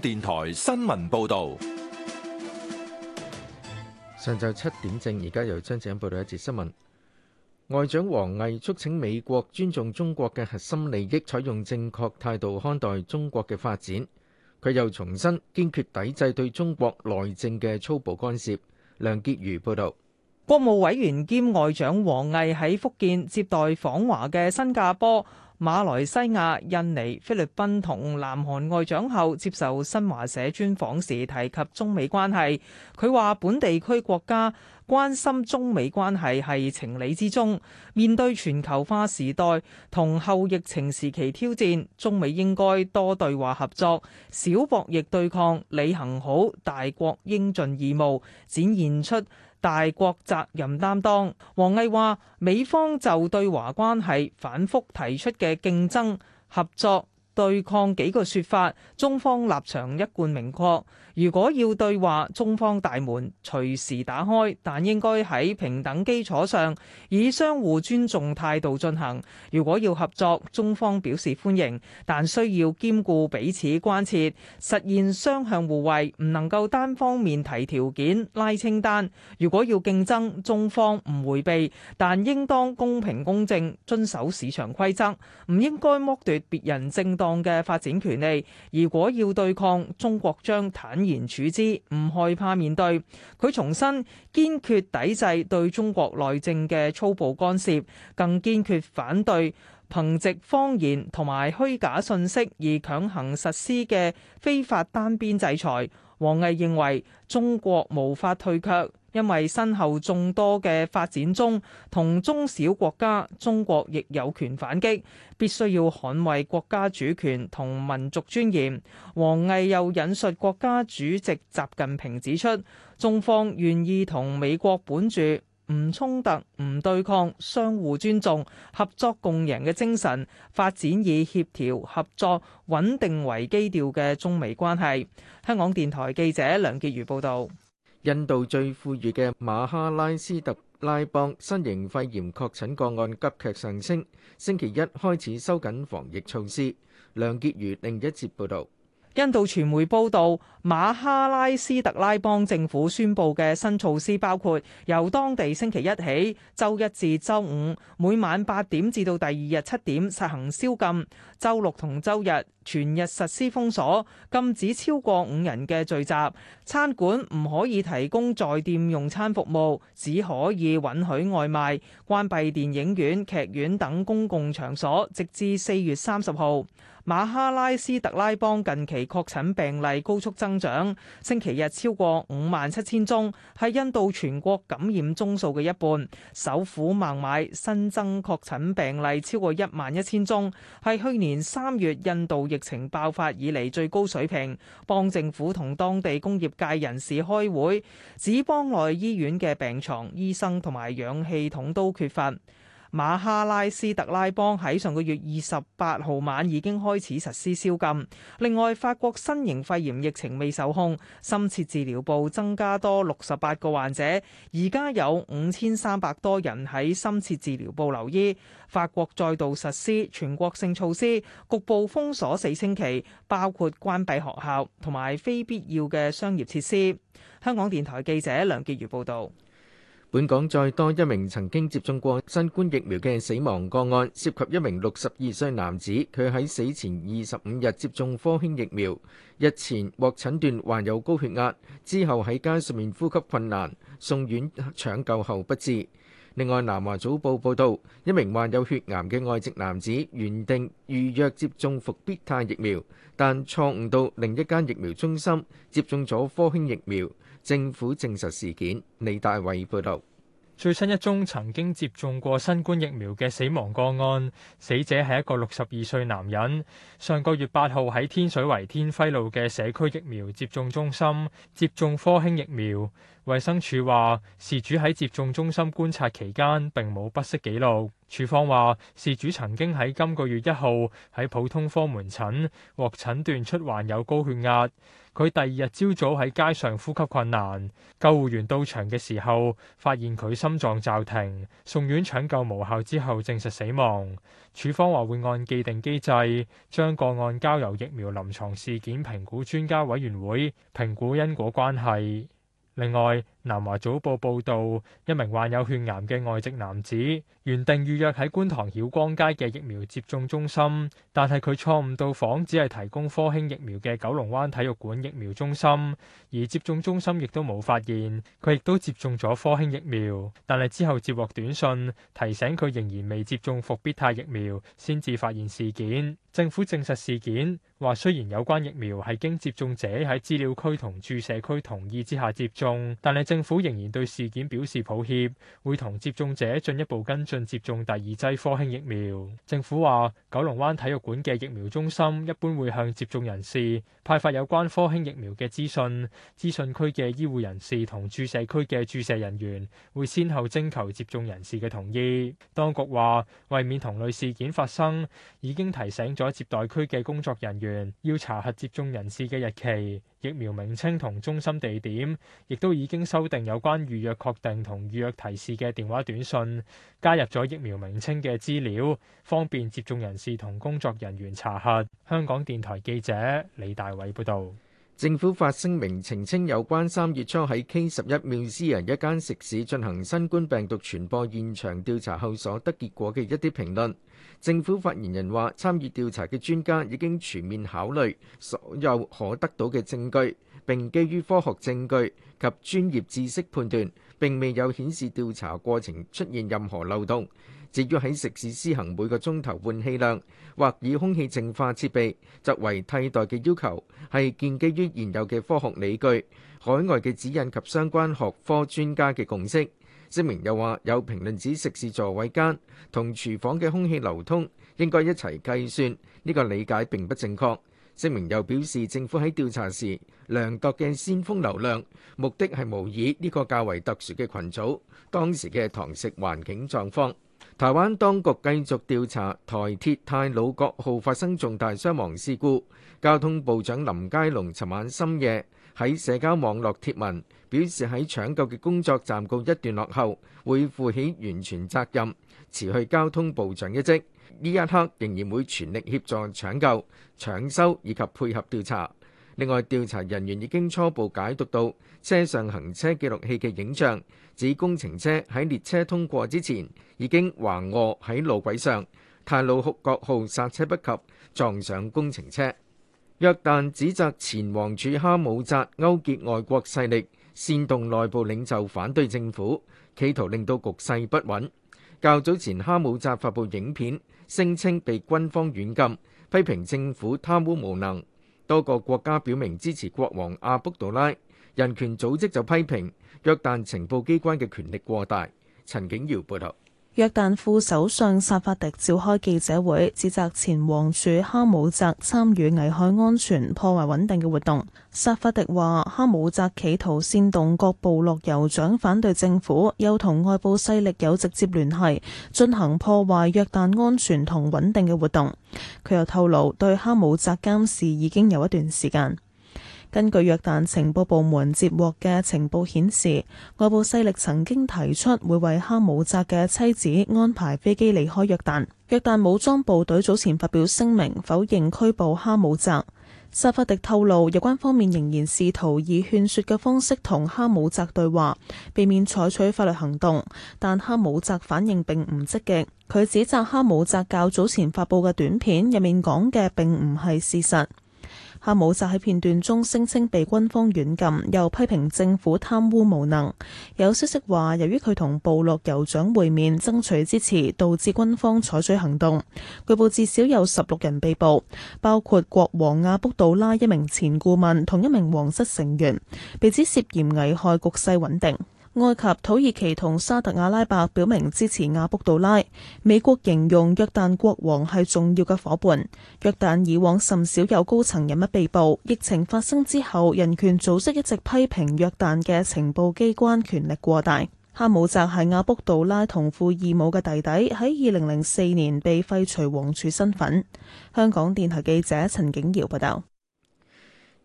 電台新聞報道：上晝七點正，而家由張子欣報道一節新聞。外長王毅促請美國尊重中國嘅核心利益，採用正確態度看待中國嘅發展。佢又重申堅決抵制對中國內政嘅粗暴干涉。梁潔如報道：國務委員兼外長王毅喺福建接待訪華嘅新加坡。馬來西亞、印尼、菲律賓同南韓外長後，接受新華社專訪時提及中美關係，佢話本地區國家關心中美關係係情理之中。面對全球化時代同後疫情時期挑戰，中美應該多對話合作，少博弈對抗，履行好大國應盡義務，展現出。大國責任擔當，王毅話：美方就對華關係反覆提出嘅競爭、合作、對抗幾個說法，中方立場一貫明確。如果要對話，中方大門隨時打開，但應該喺平等基礎上，以相互尊重態度進行。如果要合作，中方表示歡迎，但需要兼顧彼此關切，實現雙向互惠，唔能夠單方面提條件、拉清單。如果要競爭，中方唔回避，但應當公平公正，遵守市場規則，唔應該剝奪別人正當嘅發展權利。如果要對抗，中國將坦言處之，唔害怕面對，佢重申堅決抵制對中國內政嘅粗暴干涉，更堅決反對憑藉謊言同埋虛假信息而強行實施嘅非法單邊制裁。王毅認為中國無法退卻。因為身後眾多嘅發展中同中小國家，中國亦有權反擊，必須要捍衛國家主權同民族尊嚴。王毅又引述國家主席習近平指出，中方願意同美國本住唔衝突、唔對抗、相互尊重、合作共贏嘅精神，發展以協調合作、穩定為基調嘅中美關係。香港電台記者梁潔如報導。印度最富裕嘅馬哈拉斯特拉邦新型肺炎確診個案急劇上升，星期一開始收緊防疫措施。梁潔如另一節報道。印度傳媒報道，馬哈拉斯特拉邦政府宣布嘅新措施包括由當地星期一起，周一至周五每晚八點至到第二日七點實行宵禁；周六同周日全日實施封鎖，禁止超過五人嘅聚集，餐館唔可以提供在店用餐服務，只可以允許外賣；關閉電影院、劇院等公共場所，直至四月三十號。馬哈拉斯特拉邦近期確診病例高速增長，星期日超過五萬七千宗，係印度全國感染宗數嘅一半。首府孟買新增確診病例超過一萬一千宗，係去年三月印度疫情爆發以嚟最高水平。邦政府同當地工業界人士開會，指邦內醫院嘅病床、醫生同埋氧氣筒都缺乏。馬哈拉斯特拉邦喺上個月二十八號晚已經開始實施宵禁。另外，法國新型肺炎疫情未受控，深切治療部增加多六十八個患者，而家有五千三百多人喺深切治療部留醫。法國再度實施全國性措施，局部封鎖四星期，包括關閉學校同埋非必要嘅商業設施。香港電台記者梁潔如報導。本港再多一名曾經接種過新冠疫苗嘅死亡個案，涉及一名六十二歲男子，佢喺死前二十五日接種科興疫苗，日前獲診斷患有高血壓，之後喺街上面呼吸困難，送院搶救後不治。另外，《南華早報》報道，一名患有血癌嘅外籍男子原定預約接種復必泰疫苗，但錯誤到另一間疫苗中心接種咗科興疫苗。政府證實事件。李大偉報道，最新一宗曾經接種過新冠疫苗嘅死亡個案，死者係一個六十二歲男人，上個月八號喺天水圍天輝路嘅社區疫苗接種中心接種科興疫苗。衛生署話，事主喺接種中心觀察期間，並冇不適記錄。署方話，事主曾經喺今個月一號喺普通科門診獲診斷出患有高血壓。佢第二日朝早喺街上呼吸困難，救護員到場嘅時候發現佢心臟驟停，送院搶救無效之後證實死亡。署方話會按既定機制將個案交由疫苗臨床事件評估專家委員會評估因果關係。另外。南華早報報道，一名患有血癌嘅外籍男子原定預約喺觀塘曉光街嘅疫苗接種中心，但係佢錯誤到訪只係提供科興疫苗嘅九龍灣體育館疫苗中心，而接種中心亦都冇發現佢，亦都接種咗科興疫苗，但係之後接獲短信提醒佢仍然未接種復必泰疫苗，先至發現事件。政府證實事件，話雖然有關疫苗係經接種者喺資料區同注射區同意之下接種，但係政府仍然對事件表示抱歉，會同接種者進一步跟進接種第二劑科興疫苗。政府話，九龍灣體育館嘅疫苗中心一般會向接種人士派發有關科興疫苗嘅資訊。資訊區嘅醫護人士同注射區嘅注射人員會先後徵求接種人士嘅同意。當局話，為免同類事件發生，已經提醒咗接待區嘅工作人員要查核接種人士嘅日期、疫苗名稱同中心地點，亦都已經收。修訂有關預約確定同預約提示嘅電話短信，加入咗疫苗名稱嘅資料，方便接種人士同工作人員查核。香港電台記者李大偉報道。政府發聲明澄清有關三月初喺 K 十一妙思人一間食肆進行新冠病毒傳播現場調查後所得結果嘅一啲評論。政府發言人話：參與調查嘅專家已經全面考慮所有可得到嘅證據，並基於科學證據及專業知識判斷，並未有顯示調查過程出現任何漏洞。至於喺食肆施行每個鐘頭換氣量，或以空氣淨化設備作為替代嘅要求，係建基於現有嘅科學理據、海外嘅指引及相關學科專家嘅共識。聲明又話，有評論指食肆座位間同廚房嘅空氣流通應該一齊計算，呢個理解並不正確。聲明又表示，政府喺調查時量度嘅先鋒流量，目的係模擬呢個較為特殊嘅群組當時嘅堂食環境狀況。台灣當局繼續調查台鐵太魯閣號發生重大傷亡事故。交通部長林佳龍尋晚深夜喺社交網絡貼文，表示喺搶救嘅工作暫告一段落後，會負起完全責任，辭去交通部長一職。呢一刻仍然會全力協助搶救、搶修以及配合調查。另外，調查人員已經初步解讀到車上行車記錄器嘅影像，指工程車喺列車通過之前已經橫卧喺路軌上，太魯閣號煞車不及撞上工程車。約旦指責前王儲哈姆扎勾結外國勢力，煽動內部領袖反對政府，企圖令到局勢不穩。較早前，哈姆扎發布影片，聲稱被軍方軟禁，批評政府貪污無能。多個國家表明支持國王阿卜杜拉，人權組織就批評約旦情報機關嘅權力過大。陳景耀報道。約旦副首相薩法迪召開記者會，指責前王儲哈姆澤參與危害安全、破壞穩定嘅活動。薩法迪話，哈姆澤企圖煽動各部落酋長反對政府，又同外部勢力有直接聯繫，進行破壞約旦安全同穩定嘅活動。佢又透露，對哈姆澤監視已經有一段時間。根據約旦情報部門接獲嘅情報顯示，外部勢力曾經提出會為哈姆扎嘅妻子安排飛機離開約旦。約旦武裝部隊早前發表聲明否認拘捕哈姆扎。薩法迪透露，有關方面仍然試圖以勸説嘅方式同哈姆扎對話，避免採取法律行動，但哈姆扎反應並唔積極。佢指責哈姆扎較早前發布嘅短片入面講嘅並唔係事實。哈姆扎喺片段中聲稱被軍方軟禁，又批評政府貪污無能。有消息話，由於佢同部落酋長會面爭取支持，導致軍方採取行動，據報至少有十六人被捕，包括國王阿卜杜拉一名前顧問同一名皇室成員被指涉嫌危害局勢穩定。埃及、土耳其同沙特阿拉伯表明支持阿卜杜拉。美國形容約旦國王係重要嘅伙伴。約旦以往甚少有高層人物被捕，疫情發生之後，人權組織一直批評約旦嘅情報機關權力過大。哈姆澤係阿卜杜拉同父異母嘅弟弟，喺二零零四年被廢除王儲身份。香港電台記者陳景瑤報道。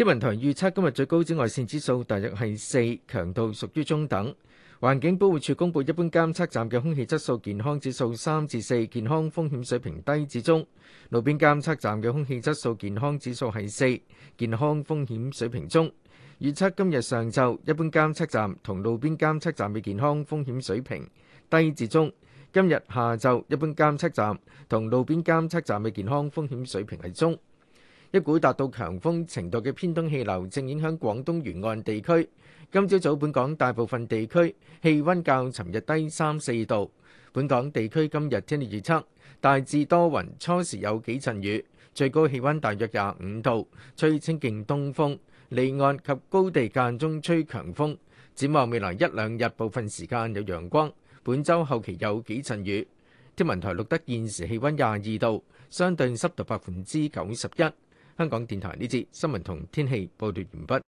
天文台預測今日最高紫外線指數大約係四，強度屬於中等。環境保護署公布一般監測站嘅空氣質素健康指數三至四，健康風險水平低至中。路邊監測站嘅空氣質素健康指數係四，健康風險水平中。預測今日上晝一般監測站同路邊監測站嘅健康風險水平低至中。今日下晝一般監測站同路邊監測站嘅健康風險水平係中。一股達到強風程度嘅偏東氣流正影響廣東沿岸地區。今朝早本港大部分地區氣温較尋日低三四度。本港地區今日天氣預測大致多雲，初時有幾陣雨，最高氣温大約廿五度，吹清勁東風，離岸及高地間中吹強風。展望未來一兩日部分時間有陽光，本週後期有幾陣雨。天文台錄得現時氣温廿二度，相對濕度百分之九十一。香港電台呢節新聞同天氣報道完畢。